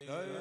Hey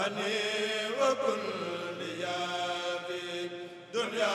hani wa kun liya bi dunya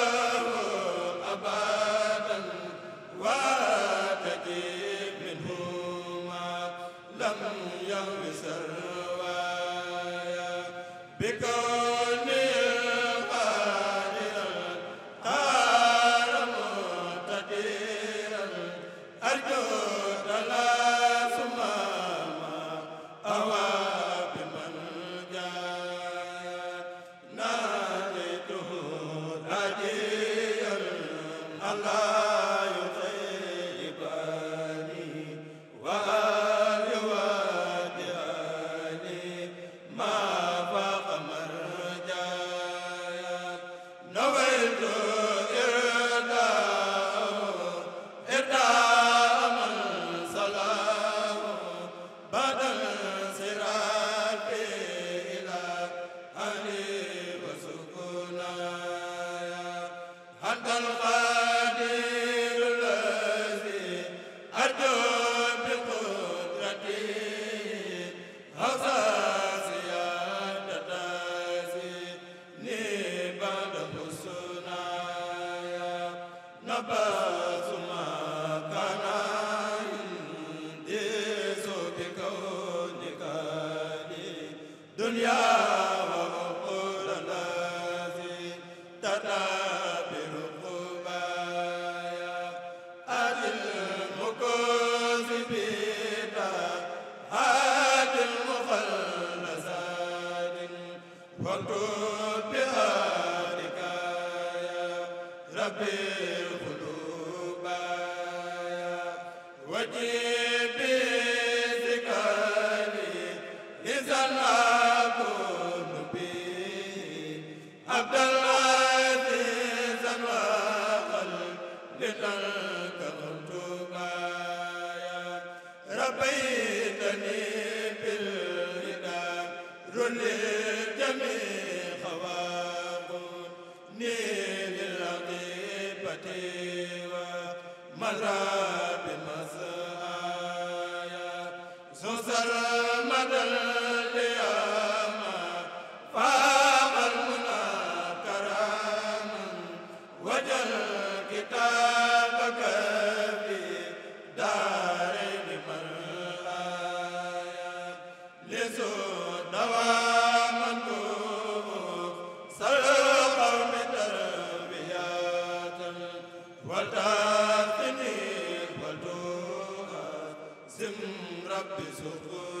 rabbi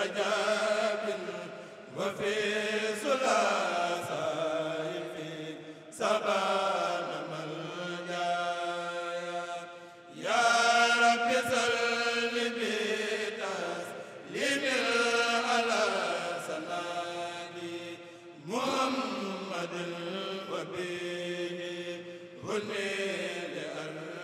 محمد وبه هني لأرض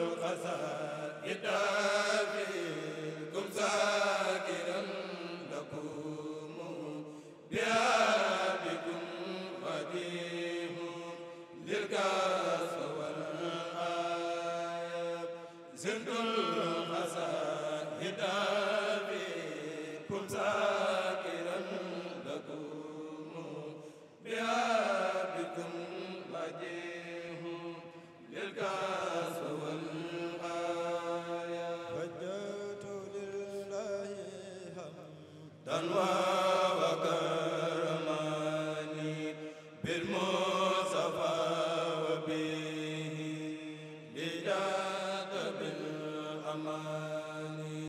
القصائد في